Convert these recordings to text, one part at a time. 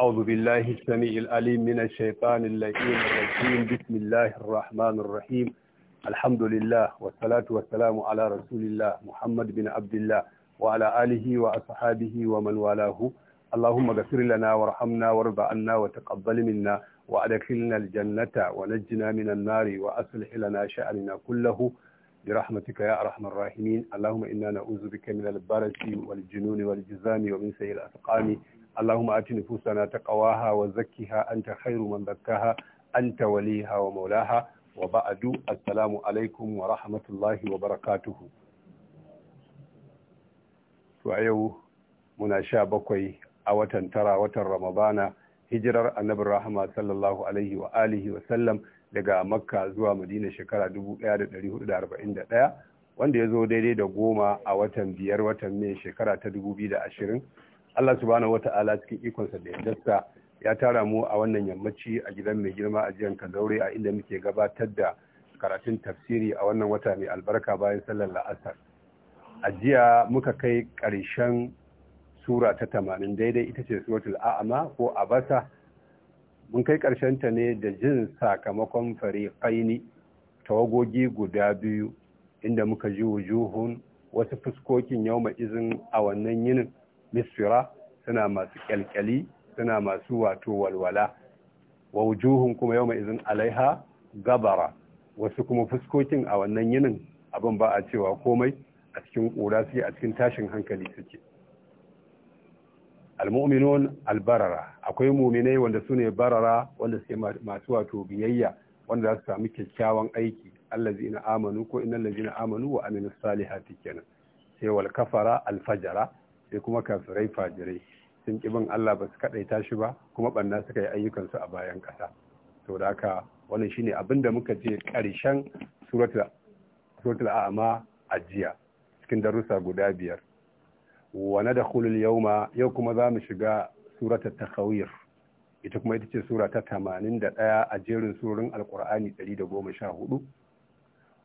أعوذ بالله السميع العليم من الشيطان اللئيم الرجيم بسم الله الرحمن الرحيم الحمد لله والصلاة والسلام على رسول الله محمد بن عبد الله وعلى آله وأصحابه ومن والاه اللهم اغفر لنا وارحمنا وارض عنا وتقبل منا وأدخلنا الجنة ونجنا من النار وأصلح لنا شأننا كله برحمتك يا أرحم الراحمين اللهم إنا نعوذ بك من البرس والجنون والجزام ومن سيء الأسقام Allahumma ati ta ƙawaha, wa zakiha, anta khairu man zakkaha anta waliha wa maulaha wa ba'adu. assalamu alaikum wa rahmatullahi wa barakatuhu to a yau muna sha bakwai a watan tara watan ramadana hijirar annabi rahama sallallahu alaihi wa alihi wa sallam daga makka zuwa madina shekara ɗaya, wanda ya zo daidai da goma a watan biyar watan mai shekara ta da ashirin. Allah subhanahu wata'ala cikin ikonsa da yardarsa ya tara mu a wannan yammaci a gidan mai girma a jiyan Kazaure a inda muke gabatar da karatun tafsiri a wannan wata mai albarka bayan sallar la'asar. A jiya muka kai ƙarshen sura ta tamanin daidai ita ce suratul a'ama ko basa mun kai ƙarshen ta ne da jin sakamakon fari fariƙaini tawagogi guda biyu inda muka ji wujuhun wasu fuskokin yau izin a wannan yinin misfira suna masu kyalkyali suna masu wato walwala wa wujuhun kuma yau izin alaiha gabara wasu kuma fuskokin a wannan yinin abin ba a cewa komai a cikin ƙura suke a cikin tashin hankali suke almu'minun albarara akwai muminai wanda su ne barara wanda suke masu wato biyayya wanda za su sami kyakkyawan aiki na amanu ko innal na amanu wa aminu salihati kenan sai wal kafara alfajara sai kuma kafirai fajirai sun ƙi bin Allah ba su kaɗaita shi ba kuma ɓanna suka yi ayyukansu a bayan ƙasa to da haka wannan shine abin da muka je ƙarshen suratul a'ama a jiya cikin darussa guda biyar wa nadkhulu yau ma yau kuma za mu shiga ta takhawir ita kuma ita ce sura ta ɗaya a jerin surorin ɗari da sha hudu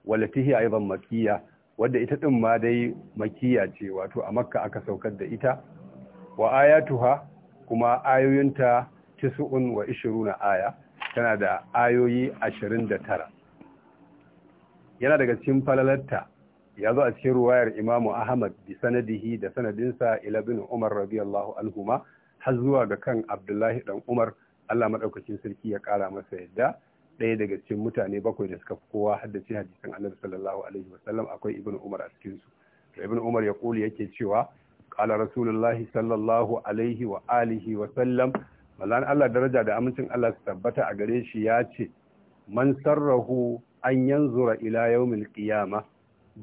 wallati hiya aidan makiyya wadda ita ɗin ma dai makiya ce wato a makka aka saukar da ita wa ayatuha kuma ayoyinta tisu'un wa ishiruna aya tana da ayoyi ashirin da tara yana daga cikin falalarta ya zo a cikin ruwayar imamu ahmad bi sanadihi da sanadinsa ila bin umar radiyallahu anhuma har zuwa ga kan abdullahi dan umar allah maɗaukacin sarki ya ƙara masa yadda ɗaya daga cikin mutane bakwai da suka fi kowa haddace hadisan annabi sallallahu alaihi wasallam akwai ibn umar a cikin su to ibn umar ya kuli yake cewa qala rasulullahi sallallahu alaihi wa alihi wa sallam mallan Allah daraja da amincin Allah su tabbata a gare shi ya ce man sarrahu an yanzura ila yawmil qiyama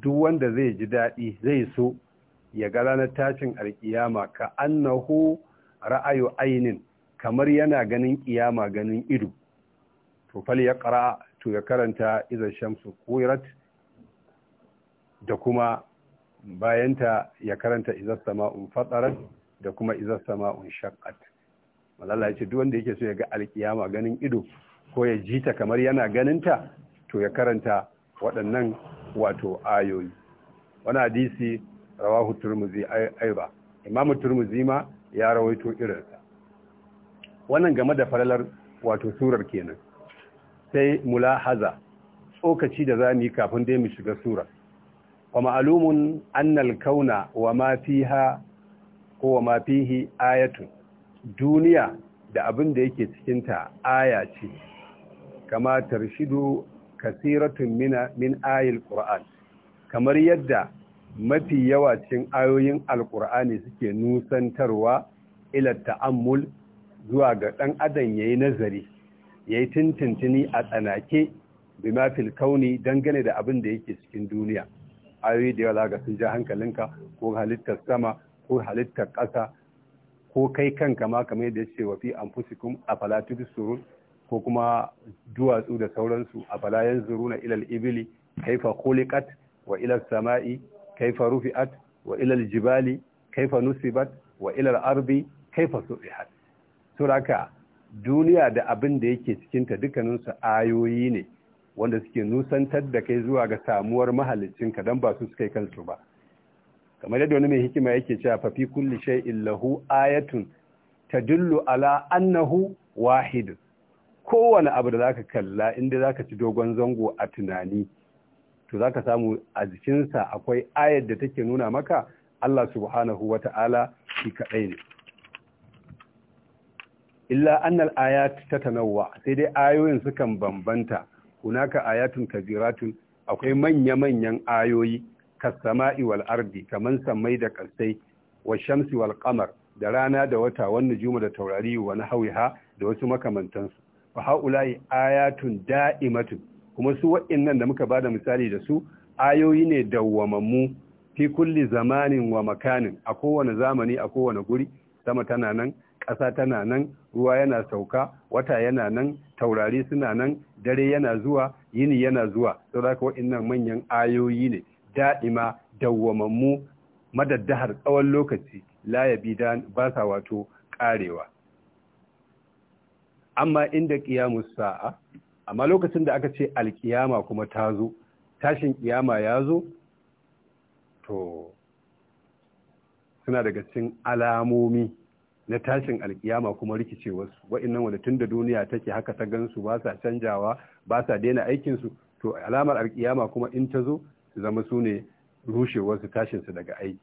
duk wanda zai ji daɗi zai so ya ga ranar tashin alkiyama ka annahu ra'ayu ainin kamar yana ganin kiyama ganin ido to fali ya ƙara to ya karanta izan shamsu kuwirat da kuma bayanta ya karanta izar sama'un fatsarat da kuma izar sama'un shakkat malala ya ce duk wanda yake so ya ga alkiyama ganin ido ko ya ji ta kamar yana ganinta to ya karanta waɗannan wato ayoyi wani hadisi rawahu turmuzi aiba imamu turmuzi ma ya rawaito irinsa wannan game da falalar wato surar kenan sai mulahaza tsokaci da za mu yi kafin dai mu shiga sura wa ma'alumun annal kauna wa ma fiha ko wa ma fihi ayatun duniya da abin da yake cikin ta aya ce kama tarshidu kasiratun mina min ayil qur'an kamar yadda mafi yawa cikin ayoyin alqur'ani suke nusantarwa ila ta'ammul zuwa ga dan adam yayi nazari ya yi tintintini a tsanake bimafil mafil kauni dangane da abin da yake cikin duniya ayoyi da yawa ga sun ja hankalinka ko halittar sama ko halittar ƙasa ko kai kanka ma kamar yadda ce wa fi anfusikum afala tubsirun ko kuma duwatsu da sauransu afala yanzuruna ilal al-ibli kaifa khuliqat wa ila samai kaifa rufi'at wa ila jibali kaifa nusibat wa ila ardi kaifa suraka duniya da abin da yake cikinta dukkaninsu ayoyi ne wanda suke nusantar da kai zuwa ga samuwar mahalicinka don ba su suka yi kansu ba kamar yadda wani mai hikima yake cewa fa fi kulli shay'in lahu ayatun tadullu ala annahu wahid kowane abu da za ka kalla inda zaka ci dogon zango a tunani to zaka samu a jikinsa akwai ayar da take nuna maka Allah subhanahu wata'ala shi kaɗai ne illa annal ayat tatanawwa sai dai ayoyin sukan bambanta hunaka ayatun kabiratun akwai manya-manyan ayoyi kasama'i wal ardi kaman sammai da kasai wa shamsi wal qamar da rana da wata wan nujuma da taurari wa hawiha da wasu makamantansu fa haula'i ayatun da'imatun kuma su wa'annan da muka bada misali da su ayoyi ne dawwamammu fi kulli zamanin wa makanin a kowane zamani a kowane guri sama tana nan ƙasa tana nan ruwa yana sauka wata yana nan taurari suna nan dare yana zuwa yini yana zuwa sau da ka waɗannan manyan ayoyi ne da'ima dawwamammu madaddahar tsawon lokaci layabi ba sa wato ƙarewa amma inda ƙiyamu sa'a amma lokacin da aka ce alƙiyama kuma ta zo tashin ƙiyama ya zo to suna daga cikin alamomi na tashin alkiyama kuma rikicewarsu wa'annan wanda tun da duniya take haka ta gansu ba sa canjawa ba sa daina aikinsu to alamar alkiyama kuma in ta zo su zama su ne rushewarsu tashinsu daga aiki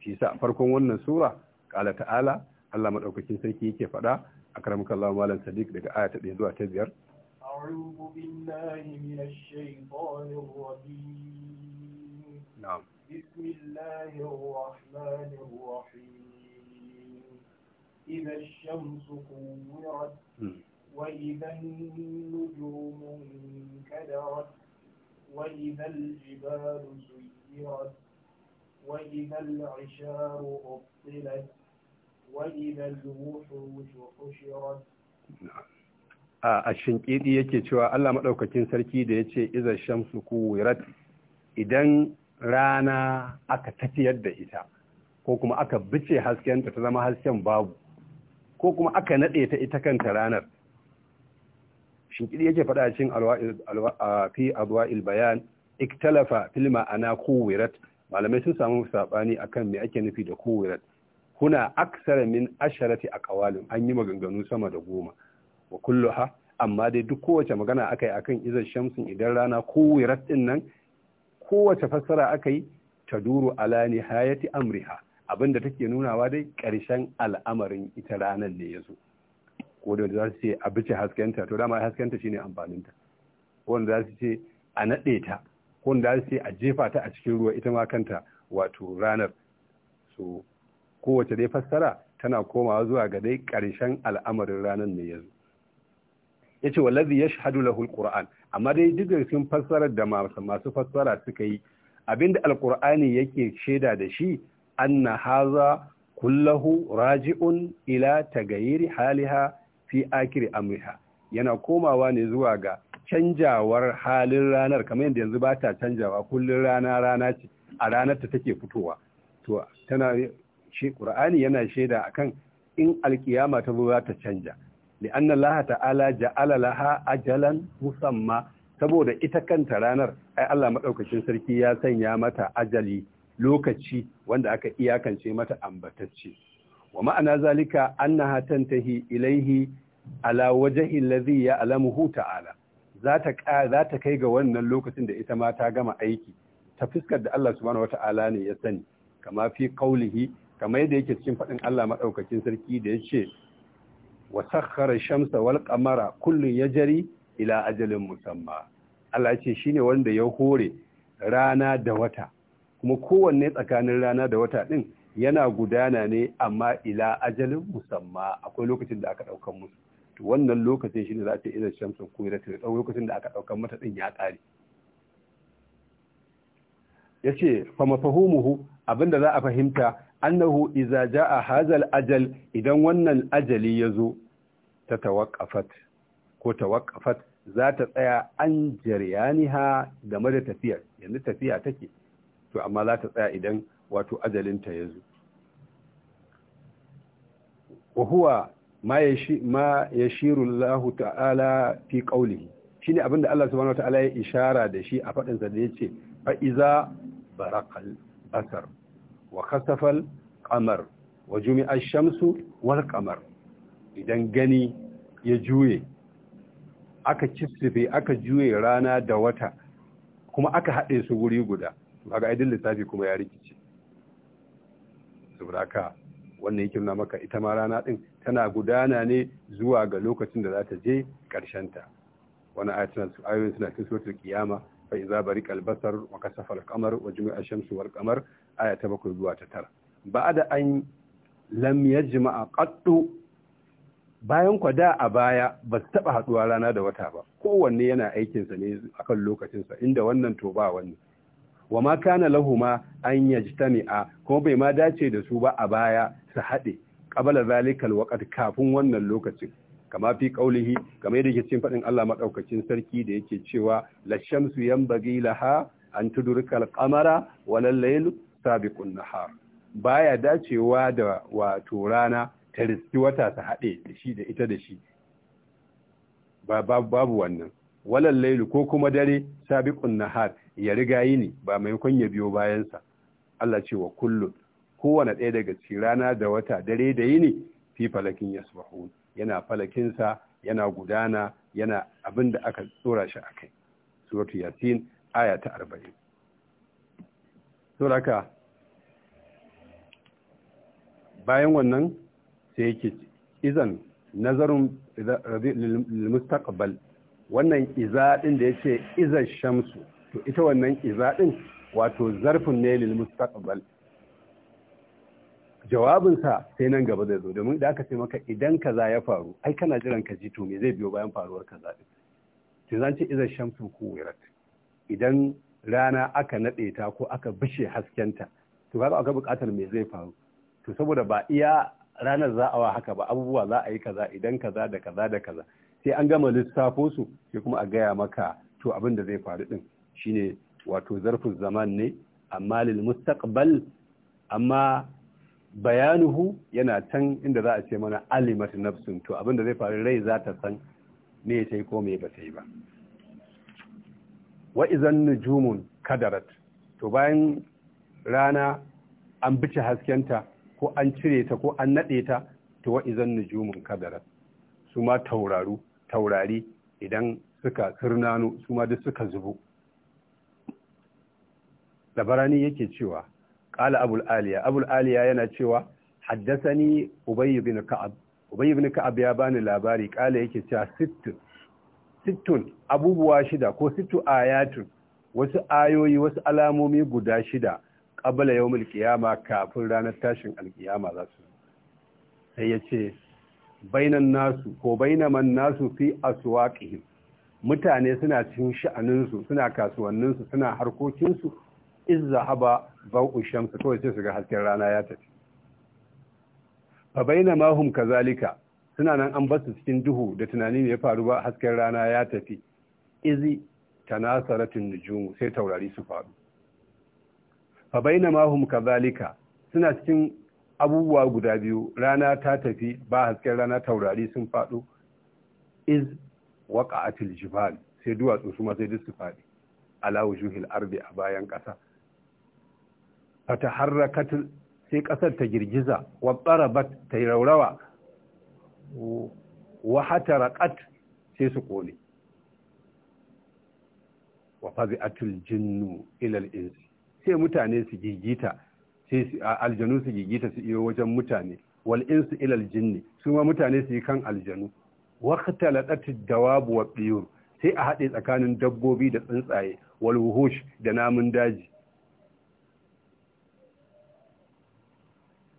shi sa a farkon wannan sura ƙala ta'ala Allah maɗaukakin sarki yake faɗa a karamukan Allah malam sadiq daga aya ta ɗaya zuwa ta biyar. بسم الله الرحمن الرحيم إذا الشمس كورت وإذا النجوم انكدرت وإذا الجبال سيرت وإذا العشار أبطلت وإذا الوحوش حشرت a shinkidi yake cewa Allah madaukakin sarki da ya ce izar shamsu wirat idan rana aka tafiyar da ita ko kuma aka bice haskenta ta zama hasken babu ko kuma aka naɗe ta ita kanta ranar shinkiri yake faɗa cikin fi adwa'il bayan iktalafa fil ma'ana kuwirat malamai sun samu sabani akan me ake nufi da kuwirat Kuna aksara min asharati aqwalin an yi maganganu sama da goma wa kulluha amma dai duk kowace magana aka akai akan izar shamsin idan rana kuwirat din nan kowace fassara akai taduru ala nihayati amriha abin da take nunawa dai ƙarshen al'amarin ita ranar ne ya zo ko da za su ce a bice haskenta to dama haskenta shine amfaninta wanda za su ce a naɗe ta wanda za su ce a jefa ta a cikin ruwa ita ma kanta wato ranar so kowace dai fassara tana komawa zuwa ga dai ƙarshen al'amarin ranar ne ya zo ya ce wallazi ya shahadu lahul qur'an amma dai duk da sun fassarar da masu fassara suka yi abinda alqur'ani yake shaida da shi anna haza kullahu raji'un ila tagayyiri haliha fi akiri amriha yana komawa ne zuwa ga canjawar halin ranar kamar yadda yanzu ba ta canjawa kullun rana rana ce a ranar ta take fitowa to tana shi qur'ani yana shaida akan in alkiyama ta zo za ta canja li'anna Allah ta'ala ja'ala laha ajalan musamma saboda ita kanta ranar ai Allah madaukakin sarki ya sanya mata ajali lokaci wanda aka iyakance mata ambatacce wa ma'ana zalika annaha tantahi ilaihi ala wajhi alamu ya'lamuhu ta'ala za ta za ta kai ga wannan lokacin da ita ma ta gama aiki ta fuskar da Allah subhanahu wata'ala ne ya sani kama fi qaulihi kama yadda yake cikin fadin Allah madaukakin sarki da yace wa sakhkhara shamsa wal qamara kullun yajri ila ajalin musamma Allah ya ce shine wanda ya hore rana da wata kuma kowanne tsakanin rana da wata ɗin yana gudana ne amma ila ajalin musamma akwai lokacin da aka ɗaukan musu to wannan lokacin shi ne za a ce shamsun ko ya tare ɗau lokacin da aka ɗaukan mata ɗin ya ƙare ya ce fa mafahumuhu abinda za a fahimta annahu iza a hazal ajal idan wannan ajali ya zo ta tawaqqafat ko tawaqqafat za ta tsaya an jariyaniha game da tafiyar yanzu tafiya take to amma za ta tsaya idan wato ajalinta ya zo wa huwa ma yashiru Allah ta'ala fi Shi shine abinda Allah subhanahu ta'ala ya ishara da shi a fadin sa da yace fa iza baraqal basar wa Kasafal, qamar wa jumi'a ash-shamsu wal qamar idan gani ya juye aka kisrife aka juye rana da wata kuma aka haɗe su wuri guda ga aidin lissafi kuma ya rikice saboda haka wannan yake nuna maka ita ma rana din tana gudana ne zuwa ga lokacin da za ta je ta wani ayatun ayoyin suna cikin suratul kiyama fa iza bari kalbasar wa kasafa al wa jumi'a shamsu aya ta bakwai zuwa ta tara ba'da an lam yajma'a qattu bayan kwa da a baya ba su taba haduwa rana da wata ba kowanne yana aikinsa ne akan lokacinsa inda wannan to ba wannan wa ma kana lahuma an yajtami'a kuma bai ma dace da su ba a baya su haɗe qabala zalikal waqt kafin wannan lokacin kama fi qaulihi kamar yadda yake cikin fadin Allah madaukakin sarki da yake cewa la shamsu yanbaghi laha an tudrika alqamara wal layl sabiqun nahar baya dacewa da wato rana ta riski wata ta haɗe da shi da ita da shi babu wannan walal lailu ko kuma dare sabiqun nahar ya riga yi ne ba maimakon ya biyo bayansa Allah ce wa kullum kowane ɗaya daga ci rana da wata dare da yini fi falakin yasbahun yana falakinsa yana gudana yana abin da aka tsora shi kai suratu yasin aya ta arba'in. suraka bayan wannan sai yake izan nazarin lil mustaqbal wannan iza din da ce izan shamsu to ita wannan iza din wato zarfin ne lil mustaqbal sa sai nan gaba zai zo domin da aka ce maka idan kaza ya faru ai kana jiran ka ji to me zai biyo bayan faruwar kaza din to zan ce idan shamsu kuwirat idan rana aka nade ta ko aka bishe haskenta to kaga aka buƙatar me zai faru to saboda ba iya ranar za a wa haka ba abubuwa za a yi kaza idan kaza da kaza da kaza sai an gama lissafo su sai kuma a gaya maka to abin da zai faru din shine wato zarfin zaman ne amma lil mustaqbal amma bayanuhu yana can inda za a ce mana alimat nafsun to abinda zai faru rai za ta san me ta yi ko me ba ta yi ba wa izan nujumun kadarat to bayan rana an bice haskenta ko an cire ta ko an nade ta to wa izan nujumun kadarat su ma tauraru taurari idan suka sirnanu, su ma duk suka zubo dabarani yake cewa qala abul aliya abul aliya yana cewa haddathani ubay ibn ka'ab ubay ibn ka'ab ya bani labari qala yake cewa sittun sittun abubuwa shida ko sittu ayatun wasu ayoyi wasu alamomi guda shida qabla yawmil qiyama kafin ranar tashin alqiyama za su sai yace bainan nasu ko bainaman nasu fi aswaqihim mutane suna cin sha'aninsu suna kasuwanninsu suna harkokinsu izza haba zauku shamsu kawai sai su ga hasken rana ya tafi fa baina ma hum kazalika suna nan an basu cikin duhu da tunani ne ya faru ba hasken rana ya tafi izi tanasaratin nujumu sai taurari su faru fa baina ma hum kazalika suna cikin abubuwa guda biyu rana ta tafi ba hasken rana taurari sun faɗo iz waqa'atil jibal sai duwatsu su ma sai duk su faɗi ala wujuhil arbi a bayan ƙasa fata harrakat sai ƙasar ta girgiza wa ɓarabat ta yi raurawa wa hata hatarakat sai su ƙone wa atul jinnu ilal insi sai mutane su gigita sai aljanu su gigita su iyo wajen mutane wal insu ilal jinni su ma mutane su yi kan aljanu waqtalatatid dawabu wa biyur sai a haɗe tsakanin dabbobi da tsuntsaye wal wuhush da namun daji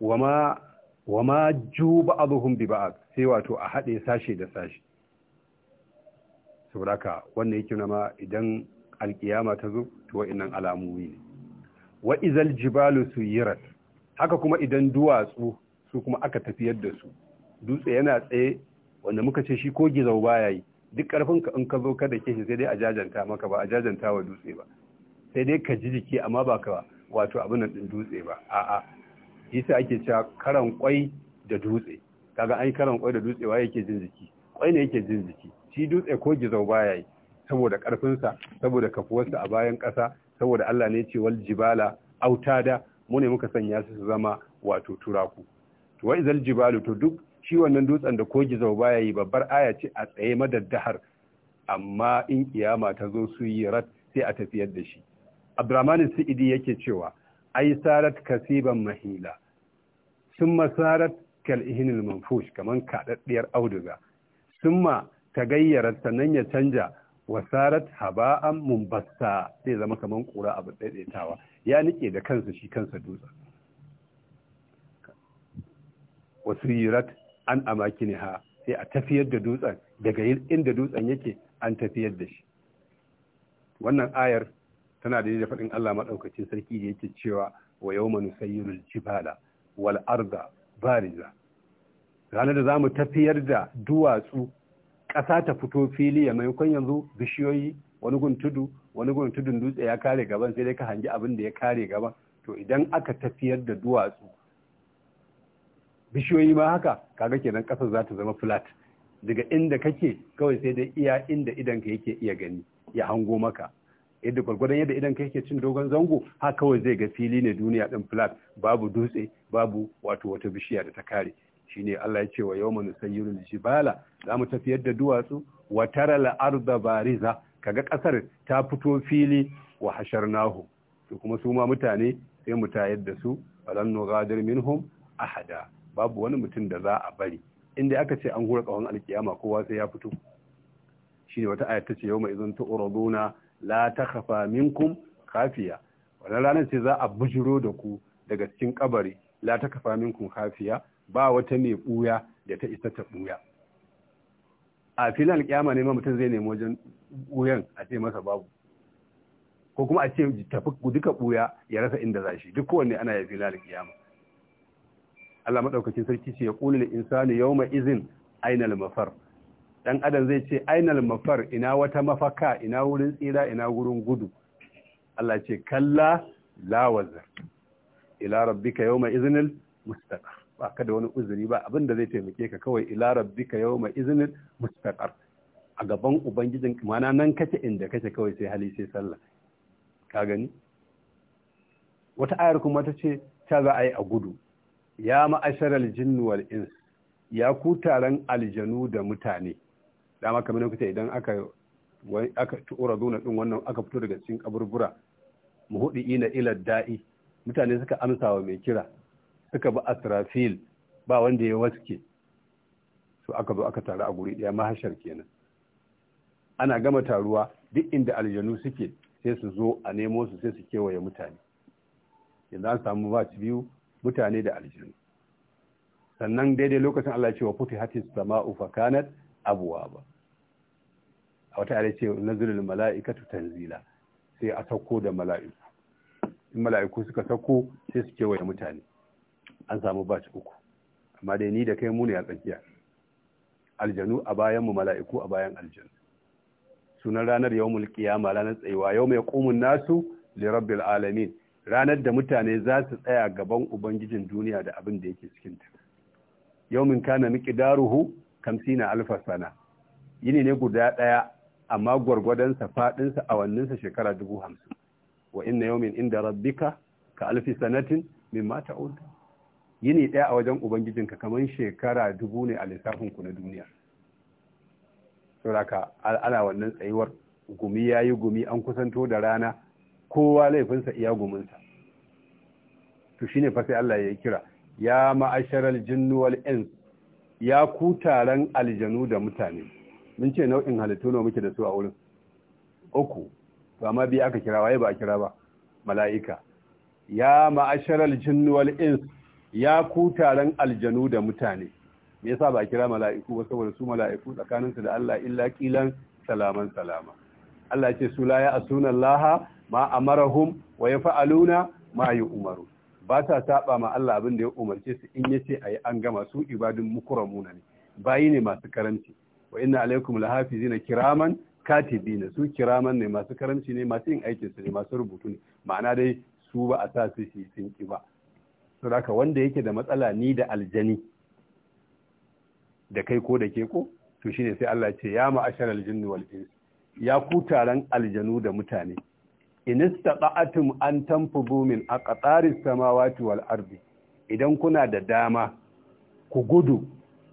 wama wama ju ba'dhum bi sai wato a haɗe sashe da sashe saboda wannan yake nama idan alkiyama ta zo to wa'annan alamomi ne wa izal jibalu suyirat haka kuma idan duwatsu su kuma aka tafiyar da su dutse yana tsaye wanda muka ce shi ko gizau baya yi duk karfin ka in ka zo kada ke shi sai dai a jajanta maka ba a jajanta wa dutse ba sai dai ka ji jiki amma ba ka wato abin nan din dutse ba a'a yasa ake cewa karan kwai da dutse kaga an karan kwai da dutse wa yake jin jiki kwai ne yake jin jiki shi dutse ko gizau baya yi saboda karfinsa saboda kafuwarsa a bayan ƙasa saboda Allah ne ce wal jibala autada mu ne muka sanya su su zama wato turaku to wa izal jibalu to duk shi wannan dutsen da ko gizau baya yi babbar aya ce a tsaye madaddahar amma in kiyama ta zo su yi rat sai a tafiyar da shi abdurrahman sa'idi yake cewa ai sarat kasiban mahila sun masarat kal'ihinin manfush kaman kaɗaɗɗiyar auduga summa gayyara sannan ya canja wasarat haba'an mumbassa sai zama kamar kura abu daidaitawa ya nike da kansa shi kansa dutsen wasirat an ha sai a tafiyar da dutsen daga inda dutsen yake an tafiyar da shi wannan ayar tana da da faɗin Allah maɗaukacin sarki da yake cewa wa yau manu jibala wal arda bariza ranar da za mu tafiyar da duwatsu ƙasa ta fito fili ya maimakon yanzu bishiyoyi wani gun tudu wani gun tudun dutse ya kare gaban sai dai ka hangi abin da ya kare gaba, to idan aka tafiyar da duwatsu bishiyoyi ma haka kaga kenan ƙasar za ta zama flat daga inda kake kawai sai dai iya inda idanka yake iya gani ya hango maka yadda gwargwadon yadda idan kai ke cin dogon zango ha kawai zai ga fili ne duniya din flat babu dutse babu wato wata bishiya da ta kare shine Allah ya ce wa yawma nusayyirul jibala za mu tafiyar da duwatsu wa taral arda bariza kaga kasar ta fito fili wa hasharnahu to kuma su ma mutane sai mu tayar da su falan nugadir minhum ahada babu wani mutum da za a bari inda aka ce an hura kawon alkiyama kowa sai ya fito shine wata ayat ta ce yawma idzun tu'raduna la takhafa minkum khafiya wannan ranar ce za a bujiro da ku daga cikin kabari la takhafa minkum khafiya ba wata ne buya da ta isa ta buya a filin alƙiyama ne mutum zai nemi wajen buyan a ce masa babu ko kuma a ce tafi duka buya ya rasa inda za shi duk kowanne ana yi filin alƙiyama Allah madaukakin sarki ce ya qulu lil insani yawma izin aina al mafar dan adam zai ce ainal mafar ina wata mafaka ina wurin tsira ina wurin gudu Allah ce kalla la wazar ila rabbika yawma iznil mustaqar ba ka da wani uzuri ba abin da zai taimake ka kawai ila rabbika yawma iznil mustaqar a gaban ubangijin mana nan kace inda kace kawai sai hali sai sallah ka gani wata ayar kuma ta ce ta za a yi a gudu ya ma'asharal jinnu wal ins ya ku taron aljanu da mutane dama kamar lokuta idan aka aka tura zuna din wannan aka fito daga cikin kaburbura muhudi ina ila da'i mutane suka amsa wa mai kira suka bi asrafil ba wanda ya waske su aka zo aka taru a guri daya mahashar kenan ana gama taruwa duk inda aljanu suke sai su zo a nemo su sai su kewaye mutane yanzu an samu ba biyu mutane da aljanu sannan daidai lokacin Allah ya ce wa futi hatis sama'u fakanat abuwa ba a wata yare ce mala'ika, mala'ikatu tanzila sai a sauko da mala'iku in mala'iku suka sauko sai su kewaye mutane an samu ci uku amma dai ni da kai mu ne a tsakiya aljanu a bayan mu mala'iku a bayan aljanu sunan ranar yau ya ma ranar tsayuwa mai yaqumun nasu li rabbil alamin ranar da mutane za su tsaya gaban ubangijin duniya da abin da yake cikin ta min kana miqdaruhu daruhu alfa sana yini ne guda ɗaya. amma gwargwadonsa faɗinsa awanninsa shekara dubu hamsin wa inna yawmin inda rabbika ka alfi sanatin min ta'ud yini ɗaya a wajen ubangijinka kaman shekara dubu ne a lissafinku na duniya saboda ana wannan tsayuwar gumi yayi gumi an kusanto da rana kowa laifinsa iya guminsa to shine fa sai Allah ya kira ya ma'asharal jinnu wal ins ya ku taron aljanu da mutane mun ce nau'in halittu ne muke da su a wurin uku to amma biya aka kira waye ba a kira ba mala'ika ya ma'asharal jinni wal ins ya ku taron aljanu da mutane me yasa ba a kira mala'iku ba saboda su mala'iku tsakanin su da Allah illa qilan salaman salama Allah ya ce su la ya'tuna Allah ma amarahum wa yaf'aluna ma yu'maru ba ta saba ma Allah abin da ya umarce su in yace ayi an gama su ibadun mukramuna ne bayi ne masu karanci wa inna alaikum lahafizina kiraman katibina su kiraman ne masu karamci ne masu yin aikin su ne masu rubutu ne ma'ana dai su ba a sa su shi sun ki ba haka wanda yake da matsala ni da aljani da kai ko da ke ko to shine sai Allah ce ya ma'ashar aljinni wal ins ya ku taran aljanu da mutane in istata'atum an tanfudu min aqtaris samawati wal ardi idan kuna da dama ku gudu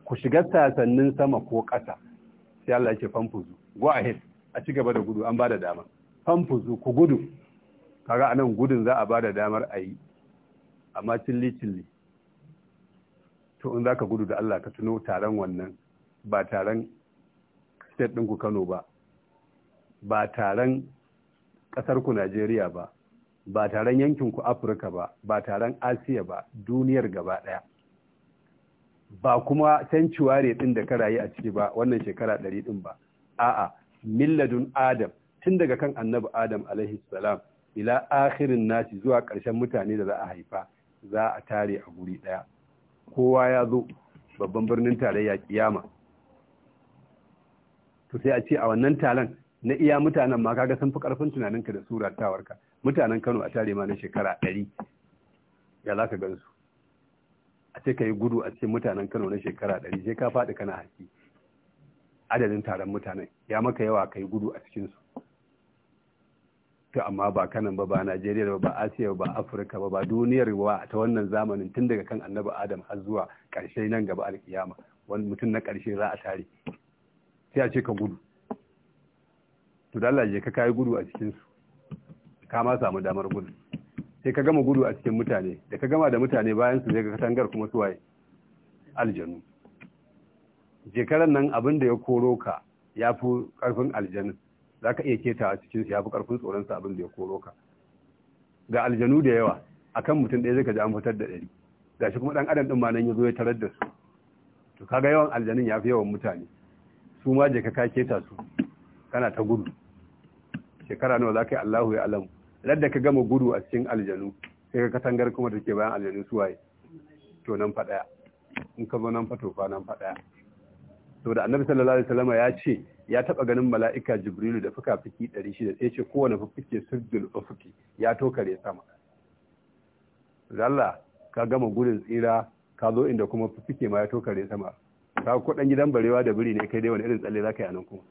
ku shiga sasannin sama ko ƙasa sai Allah yake famfuzu go ahead a ci gaba da gudu an bada dama famfuzu ku gudu kaga anan gudun za a bada damar a yi amma cilli cilli to in za ka gudu da Allah ka tuno taron wannan ba taron state ku Kano ba ba taron ƙasarku Najeriya ba ba taron ku Afirka ba ba taron Asiya ba duniyar gaba ɗaya ba kuma sanctuary din da ka rayu a ciki ba wannan shekara ɗari ɗin ba a'a milladun adam tun daga kan annabi adam alaihi salam ila akhirin nasi zuwa ƙarshen mutane da za a haifa za a tare a guri ɗaya kowa ya zo babban birnin tarayya kiyama to sai a ce a wannan talan na iya mutanen ma kaga sun fi karfin tunaninka da suratawarka mutanen Kano a tare ma na shekara ɗari ya za ka gansu a ce ka yi gudu a cikin mutanen kano na shekara ɗari sai ka faɗi kana haki adadin taron mutanen ya maka yawa ka yi gudu a cikinsu to amma ba kanan ba ba najeriya ba ba asiya ba afirka ba ba duniyar ba ta wannan zamanin tun daga kan annabi adam har zuwa ƙarshe nan gaba alkiyama wani mutum na ƙarshe za a tare sai a ce ka gudu to da ka kai gudu a cikinsu ka ma samu damar gudu sai ka gama gudu a cikin mutane da ka gama da mutane bayan su zai ga katangar kuma su waye. aljanu jekaran nan abin da ya koro ka ya fi ƙarfin aljanu za ka iya keta a cikin su ya fi ƙarfin tsoronsa abin da ya koro ka ga aljanu da yawa akan mutum ɗaya zai ka ji an fitar da ɗari gashi kuma ɗan adam ɗin ma nan ya zo ya tarar da su to kaga yawan aljanun ya fi yawan mutane su ma je ka keta su kana ta gudu shekara nawa za ka yi allahu ya alamu ladda ka gama gudu a cikin aljanu sai ka katangar kuma da ke bayan aljanu su waye. to nan fa daya in ka zo nan fa to fa nan fa daya saboda annabi sallallahu alaihi wasallam ya ce ya taba ganin mala'ika jibrilu da fuka-fuki 600 sai ce kowane fuke sirjul ufuki ya tokare sama zalla ka gama gudun tsira ka zo inda kuma fuke ma ya tokare sama ka dan gidan barewa da biri ne kai dai wani irin tsalle zaka yi nan kuma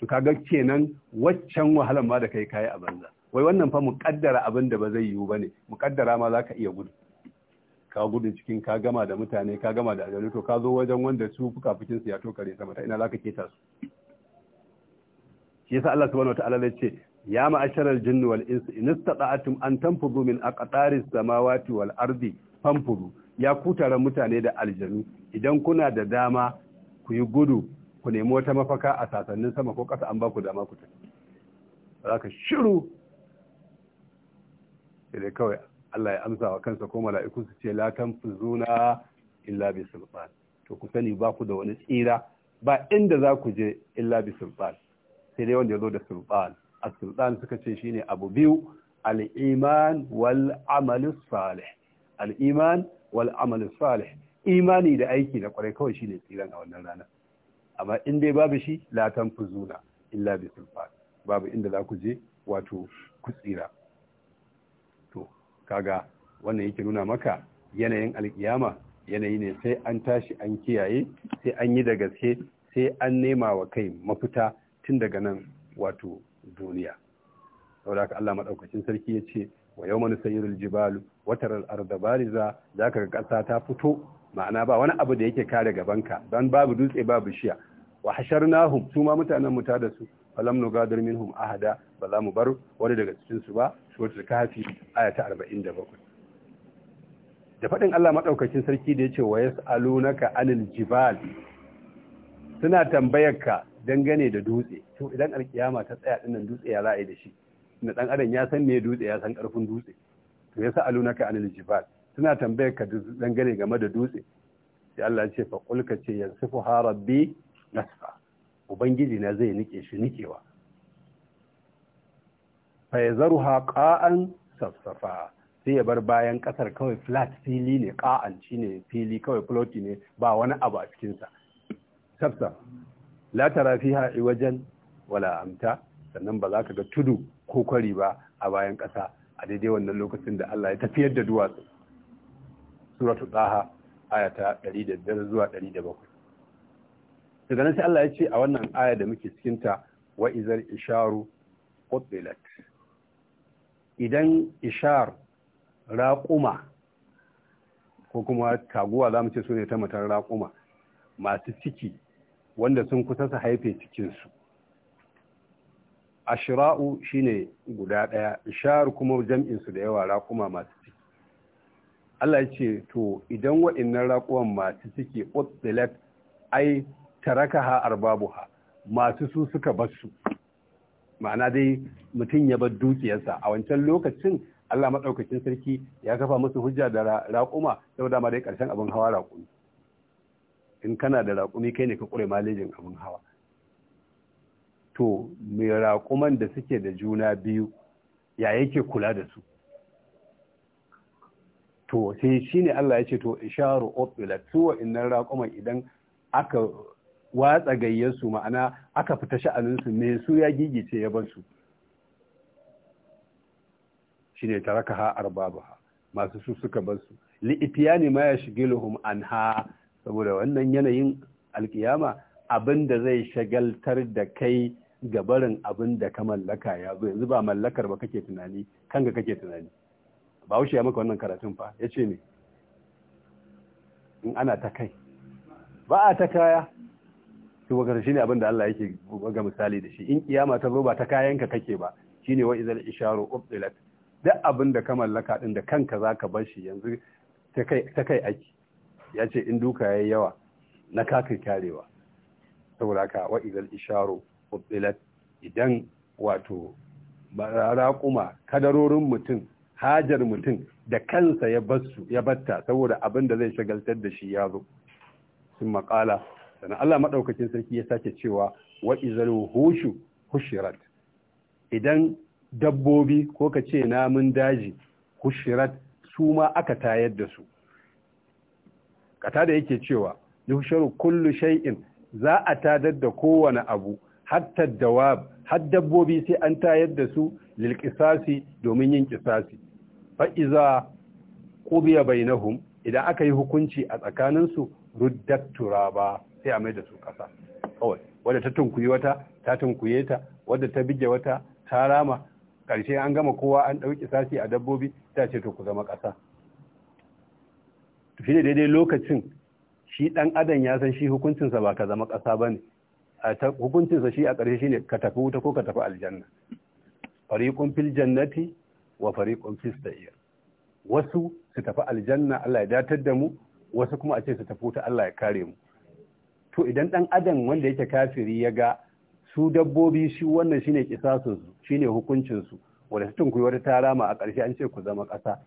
to kaga kenan waccan wahalan ma da kai kai a banza wai wannan fa mu kaddara abin da ba zai yiwu bane mu kaddara ma zaka iya gudu ka gudu cikin ka gama da mutane ka gama da aljanu to ka zo wajen wanda su fuka fikin su ya to kare sama ta ina zaka keta su shi yasa Allah subhanahu wataala ya ce ya ma'asharal jinn wal insi in istata'tum an tanfudu min aqtaris samawati wal ardi fanfudu ya kutara mutane da aljanu idan kuna da dama ku yi gudu ku nemi wata mafaka a sasannin sama ko ƙasa an ba ku dama ku tafi. Za ka shiru sai kawai Allah ya amsa wa kansa ko mala'iku su ce la tanfuzuna illa bi sultan to ku sani ba ku da wani tsira ba inda za ku je illa bi sai dai wanda ya zo da sultan as-sultan suka ce shine abu biyu al-iman wal amal salih al-iman wal amal salih imani da aiki da kwarai kawai shine tsiran a wannan rana amma in dai babu shi la tanfuzuna illa bi sultan babu inda za ku je wato ku tsira kaga wannan yake nuna maka yanayin alkiyama yanayi ne sai an tashi an kiyaye sai an yi da gaske sai an nema wa kai mafita tun daga nan wato duniya saboda haka Allah madaukakin sarki ya ce wa yawma nusayyirul jibalu wa da arda bariza za ga ƙasa ta fito ma'ana ba wani abu da yake kare gabanka don babu dutse babu shiya wa hasharnahum su ma mutanen mu ta da su falam min minhum ahada ba za mu bar wani daga cikin su ba suratul kafi aya ta 47 da fadin Allah madaukakin sarki da yace wa yasalunaka anil jibal suna tambayar dangane da dutse to idan alkiyama ta tsaya dinnan dutse ya za'a da shi inda dan adam ya san me dutse ya san karfin dutse to yasalunaka anil jibal suna tambayar ka dangane game da dutse sai Allah ya ce fa qul ka ce ha rabbi nasfa ubangiji na zai nike shi nikewa fa yazruha qa'an safsafa sai ya bar bayan ƙasar kawai flat fili ne ƙa'an shi fili kawai floti ne ba wani abu a cikinsa safsa la tara fiha wajen wala amta sannan ba za ka ga tudu ko kwari ba a bayan ƙasa a daidai wannan lokacin da Allah ya tafiyar da duwatsu suratul daha ayata 105 zuwa 107 daga nan sai Allah ya ce a wannan aya da muke cikinta ta wa izal isharu qutilat idan ishar raquma ko kuma taguwa zamu ce sune ta matar raquma masu ciki wanda sun kusa su haife cikin su ashra'u shine guda daya ishar kuma jam'in su da yawa raquma masu ciki Allah ya ce to idan wa'annan raquwan masu ciki qutilat ai taraka ha arbabuha masu su suka bar ma'ana dai mutum ya bar dukiyarsa a wancan lokacin Allah madaukakin sarki ya kafa musu hujja da raƙuma saboda ma dai karshen abin hawa raƙumi in kana da raƙumi kai ne ka kure malejin abin hawa to mai raƙuman da suke da juna biyu ya yake kula da su to sai shi Allah ya ce to isharu ofilat su wa'innan raƙuman idan aka watsa gayyarsu ma'ana aka fita sha'aninsu ne su ya gigice ya bar su ha'ar babu ha, masu su suka bar su ne ma an anha saboda wannan yanayin alkiyama da zai shagaltar da kai ga barin abin da ka mallaka ya zo yanzu ba mallakar ba kake tunani kanka kake tunani ba ya maka wannan karatun fa ya ce ne in ana ta kai ba a ta kaya tuba shine abin da Allah yake ga misali da shi in kiyama ta zo ba ta kayan ka kake ba shine wa izal isharu ubdilat duk abin da ka mallaka din da kanka zaka bar shi yanzu ta kai ta kai aiki ya in duka yayi yawa na kai karewa saboda haka wa izal isharu ubdilat idan wato raƙuma kadarorin mutum hajar mutum da kansa ya batta saboda abin da zai shagaltar da shi ya zo sun maƙala sannan Allah maɗaukacin sarki ya sake cewa wa izal hushu hushirat idan dabbobi ko ka ce namun daji hushirat su ma aka tayar da su kata da yake cewa yuhsharu kullu shay'in za a tadar da kowane abu hatta dawab har dabbobi sai an tayar da su lilƙisasi domin yin qisasi fa iza qubiya bainahum idan aka yi hukunci a tsakaninsu ruddat ba. sai a mai da su ƙasa kawai wadda ta tunkuyi wata ta tunkuye ta wadda ta bige wata ta rama ƙarshe an gama kowa an ɗauki sashi a dabbobi ta ce to ku zama ƙasa shi ne daidai lokacin shi ɗan adam ya san shi hukuncinsa ba ka zama ƙasa ba ne hukuncinsa shi a ƙarshe shi ne ka tafi wuta ko ka tafi aljanna fariƙun fil jannati wa fariƙun fil wasu su tafi aljanna Allah ya datar da mu wasu kuma a ce su tafi wuta Allah ya kare mu to idan ɗan adam wanda yake kafiri ya ga su dabbobi shi wannan shine kisasun shine hukuncin su wanda tun ku wata tarama a ƙarshe an ce ku zama ƙasa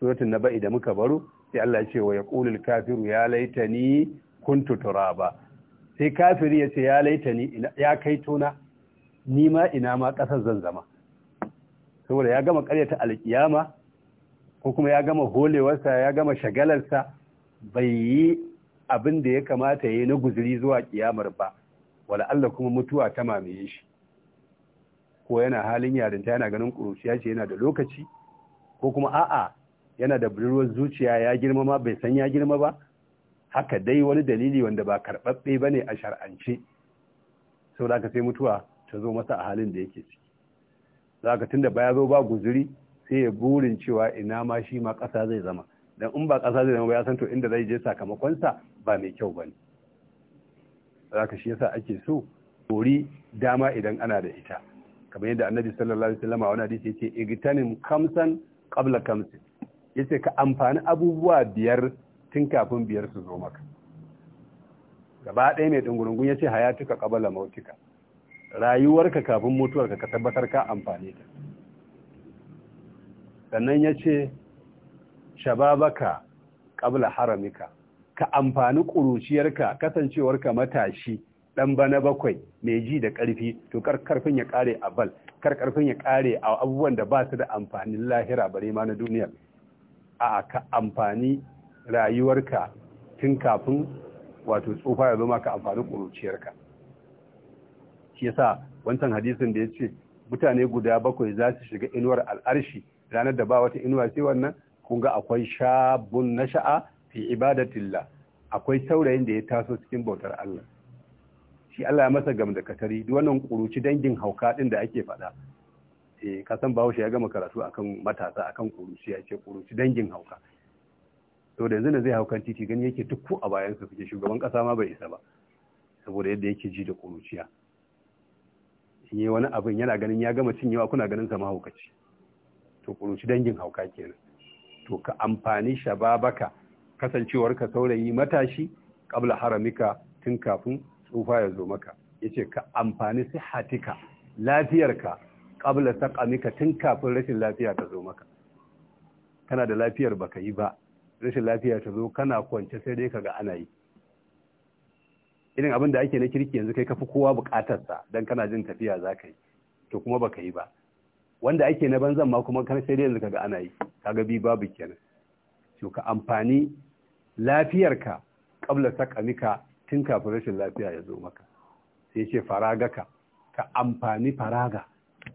na naba'i da muka baro sai Allah ya ce wa yaqulul kafiru ya laitani kuntu turaba sai kafiri ya ce ya laitani ya kai tona ni ma ina ma ƙasar zan zama saboda ya gama ƙaryata alƙiyama, ko kuma ya gama holewarsa ya gama shagalarsa bai yi abin da ya kamata ya yi na guzuri zuwa kiyamar ba wala Allah kuma mutuwa ta mamaye shi ko yana halin yarinta yana ganin ƙuruciya ce yana da lokaci ko kuma a'a yana da budurwar zuciya ya girma ma bai san ya girma ba haka dai wani dalili wanda ba karɓaɓɓe ba ne a shar'ance sau da aka sai mutuwa ta zo masa a halin da yake ciki za ka tun da baya zo ba guzuri sai ya burin cewa ina ma shi ma ƙasa zai zama dan in ba kasa zai zama ba ya san to inda zai je sakamakonsa ba mai kyau ba ne zaka shi yasa ake so kori dama idan ana da ita kamar yadda annabi sallallahu alaihi wasallam a wani hadisi yace igtanim kamsan qabla kamsin yace ka amfani abubuwa biyar tun kafin biyar su zo maka gaba ɗaya mai dungurungun yace hayatuka qabla mautika rayuwarka kafin mutuwarka ka tabbatar ka amfani ta sannan yace shababaka qabla haramika ka amfani ƙuruciyarka kasancewarka matashi ɗan bana bakwai mai ji da ƙarfi to kar karfin ya ƙare a bal kar karfin ya ƙare a abubuwan da ba su da amfanin lahira bare ma na duniya a ka amfani rayuwarka tun kafin wato tsufa ya zama ka amfani ƙuruciyarka shi yasa wancan hadisin da ya ce mutane guda bakwai za su shiga inuwar al'arshi ranar da ba wata inuwa sai wannan kun ga akwai shabun na nasha'a fi ibadatilla akwai saurayin da ya taso cikin bautar Allah shi Allah ya masa katari duk wannan kuruci dangin hauka din da ake faɗa eh ka san Bahaushe ya gama karatu akan matasa akan kuruci ya ce kuruci dangin hauka to da yanzu ne zai haukan titi gani yake duk a bayan su shugaban kasa ma bai isa ba saboda yadda yake ji da kuruciya in yi wani abin yana ganin ya gama cinyewa kuna ganin sa mahaukaci to kuruci dangin hauka kenan to ka amfani shababaka kasancewarka saurayi matashi kabla haramika tun kafin tsufa ya zo maka ce ka amfani sihatika lafiyarka qabla saƙamika tun kafin rashin lafiya ta zo maka kana da lafiyar baka yi ba rashin lafiya ta zo kana kwance sai dai kaga ana yi irin abin da ake na kirki yanzu kai kafi kowa bukatarsa don kana jin tafiya za ka yi to kuma baka yi ba wanda ake na banzan ma kuma kana sai dai yanzu kaga ana yi kaga bi babu kenan to ka amfani lafiyarka qabla saqamika tun kafin rashin lafiya ya zo maka sai ce faragaka ka amfani faraga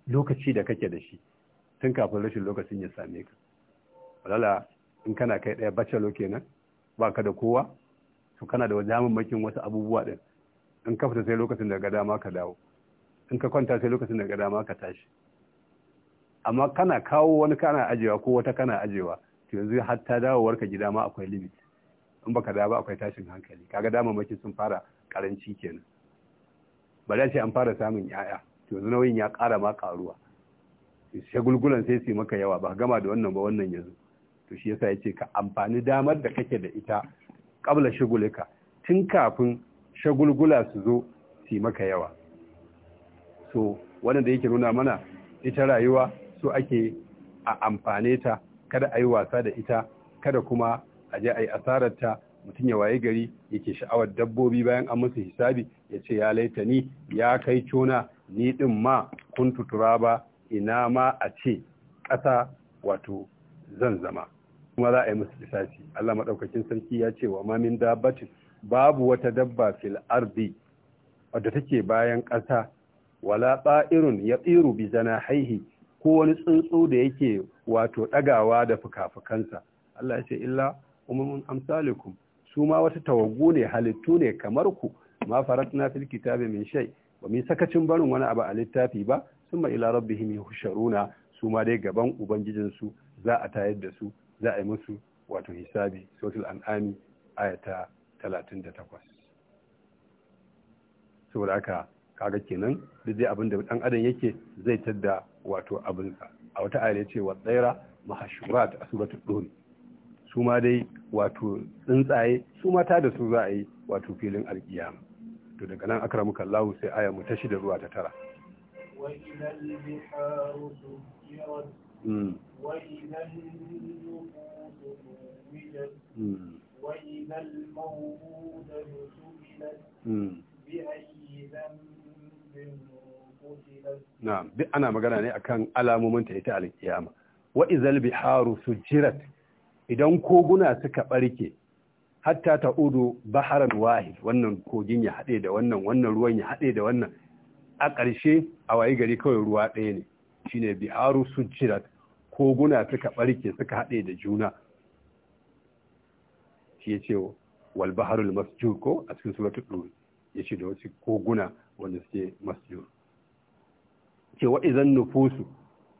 lokaci da kake da shi tun kafin rashin lokacin ya same ka walala in kana kai ɗaya bacalo kenan ba ka da kowa to kana da makin wasu abubuwa ɗin in ka fita sai lokacin da ga dama ka dawo in ka kwanta sai lokacin da ga dama ka tashi amma kana kawo wani kana ajewa ko wata kana ajewa to yanzu hatta dawowarka gida ma akwai limit in baka dawo ba akwai tashin hankali kaga damammakin sun fara karanci kenan ba za an fara samun yaya to yanzu nauyin ya kara ma sai shagulgulan sai su maka yawa ba gama da wannan ba wannan yanzu to shi yasa yace ka amfani damar da kake da ita kabla shagulika tun kafin shagulgula su zo su maka yawa so wannan da yake nuna mana ita rayuwa su ake a amfane ta kada a yi wasa da ita kada kuma a je a yi ta. mutum ya waye gari yake sha'awar dabbobi bayan an musu hisabi ya ce ya laita ni ya kai cona ni din ma kun tutura ba ina ma a ce ƙasa wato zan zama kuma za a yi musu lissafi Allah maɗaukakin sarki ya ce wa mamin dabbatin babu wata dabba fil ardi wadda take bayan ƙasa wala irin ya tsiru bi haihi ko wani tsuntsu da yake wato ɗagawa da fukafukansa Allah ya ce illa umumun amsalikum su ma wata tawaggu ne halittu ne kamar ku ma faratna fil kitabi min shay ba mu sakacin barin wani abu a littafi ba summa ila rabbihim yuhsharuna su ma dai gaban ubangijin su za a tayar da su za a yi musu wato hisabi suratul an'ami ayata 38 saboda haka kaga kenan duk dai abin da dan adam yake zai tadda wato abinsa a wata ayar ce wa tsaira mahashurat a suratul dun su ma dai wato tsuntsaye su mata da su za a yi wato filin alkiyama to daga nan akramuka Allah sai aya mu ta shida zuwa ta tara وإذا سئلت بأي ذنب na'am duk ana magana ne akan alamomin ta ita alkiyama wa izal biharu sujirat idan koguna suka barke hatta ta'udu baharan wahid wannan kogin ya hade da wannan wannan ruwan ya hade da wannan a ƙarshe a wayi gari kawai ruwa ɗaya ne shine biharu sujirat koguna suka barke suka hade da juna shi ya ce wal baharul masjur ko a cikin suratul dur ya da wasu koguna wanda suke masjur ce wa izan nufusu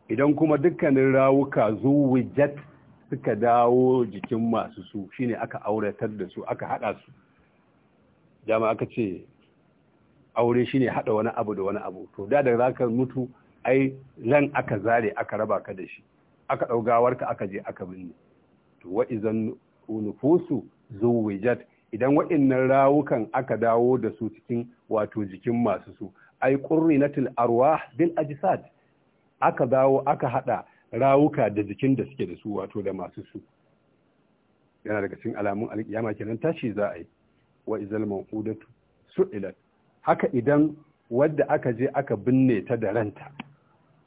idan kuma dukkanin rawuka zuwijat suka dawo jikin masu su shine aka auratar da su aka hada su dama aka ce aure shine hada wani abu da wani abu to da da ka mutu ai zan aka zare aka raba ka da shi aka daugawar ka aka je aka binne to wa izan nufusu zuwijat idan nan rawukan aka dawo da su cikin wato jikin masu su ai qurrinatil arwah bil ajsad aka dawo aka hada rawuka da jikin da suke da su wato da masu su yana daga cikin alamun alkiyama kenan tashi za a yi wa izal mawqudatu su'ilat haka idan wadda aka je aka binne ta da ranta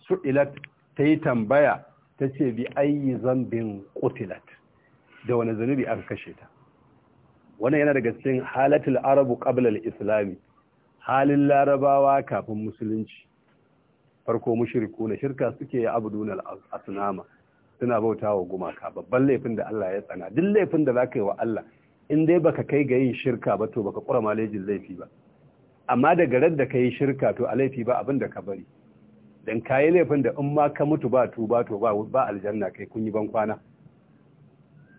su'ilat ta yi tambaya ta ce bi ayi zambin qutilat da wani zanubi aka kashe ta wannan yana daga cikin halatul arabu qabla al-islami halin larabawa kafin musulunci farko mushriku na shirka suke yi dunar asunama suna bauta wa gumaka babban laifin da Allah ya tsana duk laifin da ka yi wa Allah in dai baka kai ga yin shirka ba to baka kura malejin laifi ba amma daga ran da yi shirka to a laifi ba abin da ka bari dan yi laifin da in ma ka mutu ba tuba to ba aljanna kai kun yi ban kwana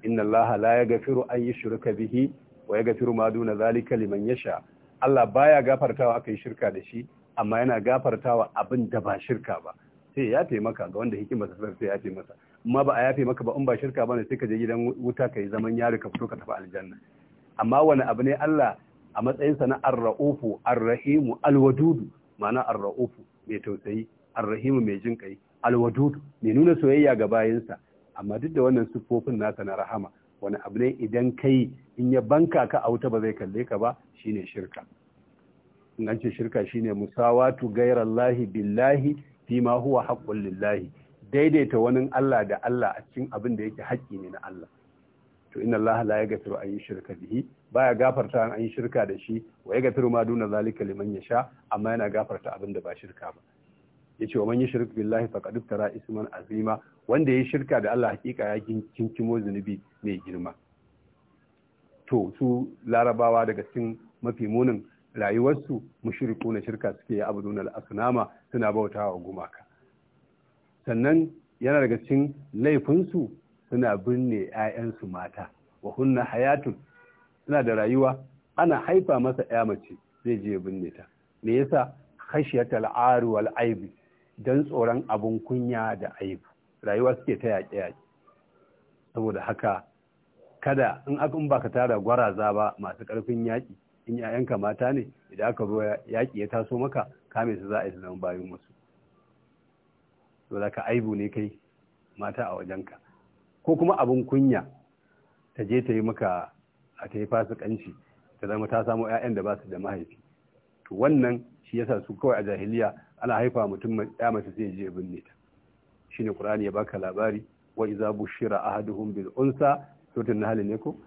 inna Allah la yaghfiru an yushraka bihi wa yaghfiru ma duna zalika liman yasha Allah baya gafartawa aka yi shirka da shi amma yana gafartawa abin da ba shirka ba sai ya taimaka maka ga wanda hikima ta sai ya taimaka. masa amma ba a yafe maka ba in ba shirka bane sai ka je gidan wuta ka yi zaman yari ka fito ka tafi aljanna amma wani abu ne Allah a matsayin sa na ar-ra'ufu ar-rahimu al-wadudu ma'ana ar-ra'ufu mai tausayi ar-rahimu mai jinkai al-wadudu mai nuna soyayya ga bayinsa amma duk da wannan siffofin nasa na rahama wani abu ne idan kai in ya banka ka a wuta ba zai kalle ka ba shine shirka in an ce shirka shine musawatu ghairallahi billahi fi ma huwa haqqul lillahi daidaita wani Allah da Allah a cikin abin da yake haƙƙi ne na Allah to inna Allah la yaghfiru an yushrika bihi baya gafarta an yi shirka da shi wa yaghfiru ma duna zalika liman yasha amma yana gafarta abin da ba shirka ba yace wa man yushrik billahi faqad iftara isman azima wanda yayi shirka da Allah hakika ya kinkimo zunubi mai girma to su larabawa daga cikin mafi munin rayuwarsu mushriku na shirka suke ya abudun al'asunama suna bauta wa gumaka sannan yana daga cikin laifinsu suna binne 'ya'yansu mata wa hunna hayatun suna da rayuwa ana haifa masa 'ya mace zai je binne ta me yasa khashiyat al'aru wal aibi don tsoron abin kunya da aibu rayuwa suke ta yaƙe yaƙe saboda haka kada in aka baka tara gwaraza ba masu ƙarfin yaƙi in yayanka mata ne idan aka zo yaƙi ya taso maka kame su za a yi zama bayan wasu to za ka aibu ne kai mata a wajen ka. ko kuma abin kunya ta je ta yi maka a ta yi fasikanci ta zama ta samu 'ya'yan da ba su da mahaifi to wannan shi yasa su kawai a jahiliya ana haifa mutum ya mace sai je binne ta shine qur'ani ya baka labari wa iza bushira ahaduhum bil unsa suratul nahl ne ko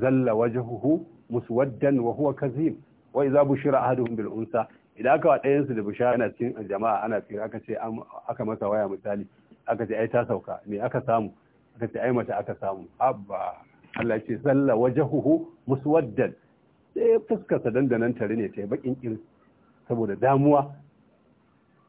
zalla wajhuhu muswaddan wa huwa kazim wa idza bushira ahaduhum bil unsa idan aka wa su da bushara ana cikin jama'a ana cikin aka ce aka masa waya misali aka ce ai ta sauka me aka samu aka ce ai mata aka samu abba Allah ya ce salla wajhuhu muswaddan sai fuskarsa dandanan tare ne ta yi bakin irin saboda damuwa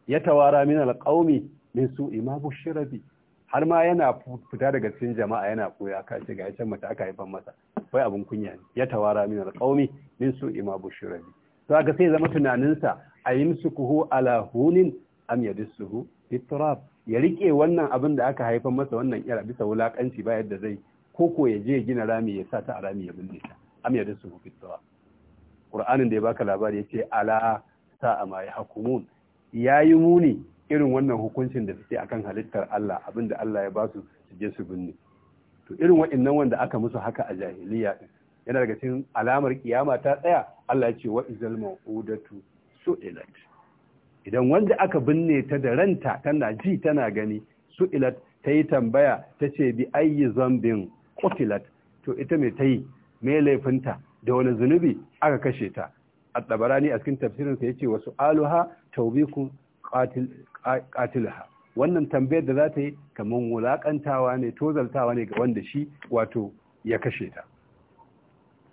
ya tawara min alƙaumi min su ima bushira bi har ma yana fita daga cikin jama'a yana koya ka ce ga can mata aka haifan masa wai abin kunya ne ya tawara min alqaumi min su ima bushrabi to aka sai zama tunaninsa ayimsukuhu ala hunin am yadsuhu bitrab ya rike wannan abin da aka haifa masa wannan kira bisa wulakanci ba yadda zai koko ya je gina rami ya sa ta a rami ya binne ta am yadsuhu bitrab qur'anin da ya baka labari yace ala sa'a ma yahkumun yayi muni irin wannan hukuncin da suke akan halittar Allah abinda Allah ya ba su su je su binne to irin waɗannan wanda aka musu haka a jahiliya din yana daga cikin alamar kiyama ta tsaya Allah ya ce wa izal ma'udatu ilat. idan wanda aka binne ta da ranta tana ji tana gani Su ilat ta yi tambaya ta ce bi ayyi zambin kutilat to ita mai ta yi me laifinta da wani zunubi aka kashe ta a tabarani a cikin tafsirinsa yace ce wasu aluha taubikun qatilaha wannan tambayar da za ta yi kamar wulaƙantawa ne tozaltawa ne ga wanda shi wato ya kashe ta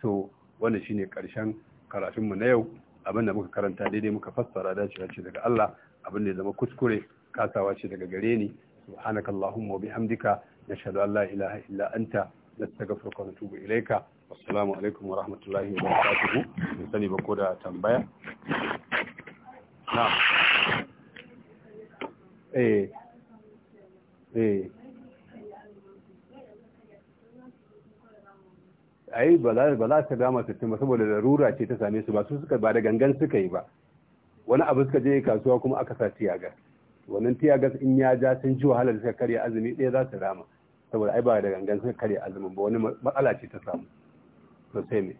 so wannan shine ƙarshen karatunmu na yau abin da muka karanta daidai muka fassara dacewa ce daga Allah abin da ya zama kuskure kasawa ce daga gare ni subhanakallahumma wa bihamdika nashhadu an la ilaha illa anta nastaghfiruka wa natubu ilayka assalamu alaikum wa rahmatullahi wa barakatuh sani ba ko da tambaya na'am eh eh ai ba za su dama sittin ba saboda larura ce ta same su ba su suka ba da gangan suka yi ba wani abu suka je kasuwa kuma aka sa tiyaga wannan tiyagas in ya ja sun ji wahalar suka karya azumi ɗaya za su rama saboda ai ba da gangan suka karya azumin ba wani matsala ce ta samu to sai me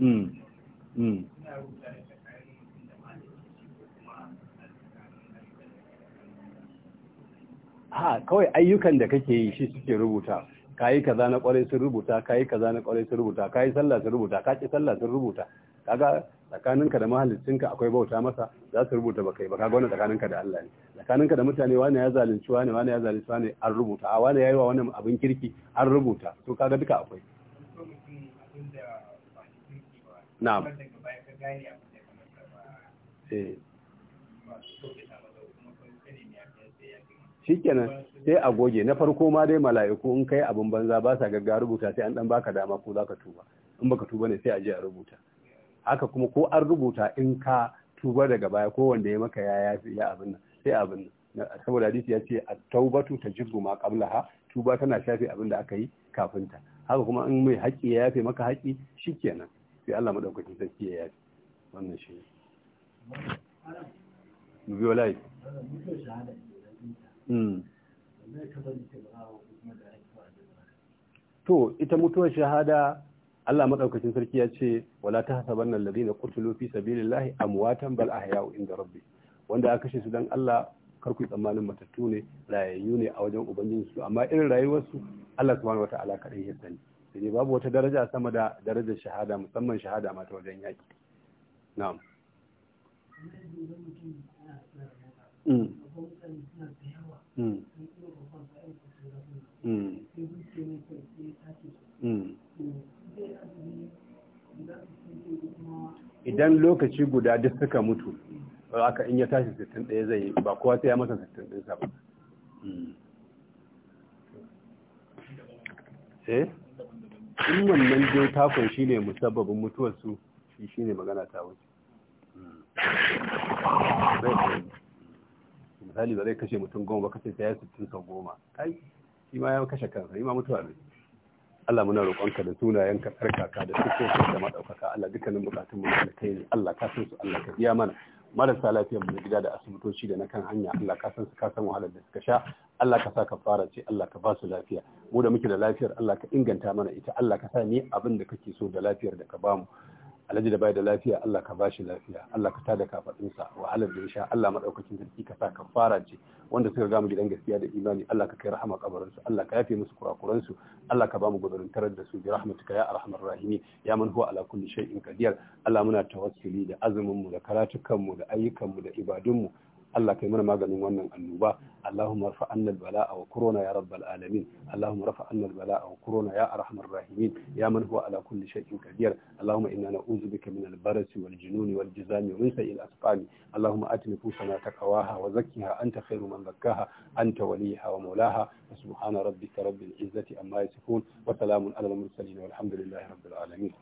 Mm. Hmm. ha kawai ayyukan da kake yi shi suke rubuta yi ka zana kwarai sun rubuta yi ka zana kwarai sun rubuta ka yi sallah sun rubuta ka ki sallah sun rubuta ga tsakaninka da mahaliccinka akwai bauta masa za su rubuta ba kai ba ka wannan tsakaninka da Allah ne tsakaninka da mutane wani ya zalunci wani wani ya zalunci wani an rubuta a wani yi wa wani abin kirki an rubuta to ga duka akwai na'am Eh. shikenan sai a goge na farko ma dai mala'iku in kai abin banza ba sa gagga rubuta sai an dan baka dama ko za ka tuba in baka tuba ne sai a je a rubuta haka kuma ko an rubuta in ka tuba daga baya ko wanda ya maka ya yafi ya abin nan sai abin nan saboda hadisi ya ce at-taubatu tajibbu ma qablaha tuba tana shafe abin da aka yi kafin ta haka kuma in mai haƙƙi ya yafe maka haƙƙi shikenan sai Allah madaukakin sarki ya yafe wannan shi ne hmm. to ita mutuwar shahada Allah madaukakin sarki ya ce wala tahsabanna na qutilu fi a amwatan bal ahya'u inda rabbi wanda aka kashe su don Allah karku tsammanin matattu ne rayayyu ne a wajen ubangin su amma irin rayuwarsu Allah wani wata alaƙar ya sani sai babu wata daraja sama da darajar shahada musamman shahada mata wajen yaki Mm. Mm. Mm. idan lokaci guda duk suka mutu aka in ya tashi 61 zai yi ba kowa sai ya masa 60 sa ba eh? in wannan dai takon shi ne mutuwar mutuwarsu shi ne magana ta wuce hmm. misali ba zai kashe mutum goma ba kashe ta yi sittin sau goma kai shi ma ya kashe kansa yi ma mutuwa ne Allah muna roƙonka da sunayenka tsarkaka da su da maɗaukaka Allah dukkanin bukatun mu da kai ne Allah ka san su Allah ka biya mana marasa lafiyar mu gida da asibitoci da na kan hanya Allah ka san su ka san wahalar da suka sha Allah ka sa ka fara ce Allah ka ba su lafiya mu da muke da lafiyar Allah ka inganta mana ita Allah ka sa ni abin da kake so da lafiyar da ka bamu alhaji da bai da lafiya Allah ka bashi lafiya Allah ka tada kafadinsa wahalar da ya sha Allah madaukakin sarki ka sa fara ce wanda suka mu gidan gaskiya da imani Allah ka kai rahama kabarin su Allah ka yafe musu kurakuran su Allah ka bamu gudurin tarar da su bi rahmatika ya arhamar rahimi ya man huwa ala kulli shay'in qadir Allah muna tawassuli da azumin mu da karatukan mu da ayyukan mu da ibadun mu Allah kai mana maganin wannan annoba Allahumma rafa annal bala'a wa corona ya rabbal alamin Allahumma rafa annal bala'a wa corona ya arhamar rahimin ya man huwa ala kulli shay'in qadir Allahumma inna na'udhu bika min al-barasi wal jununi wal jizami wa min sayyi'il asqami Allahumma ati ta taqwaha wa zakkiha anta khairu man zakkaha anta waliha wa mawlaha سبحان ربك رب العزة عما يصفون وسلام على المرسلين والحمد لله رب العالمين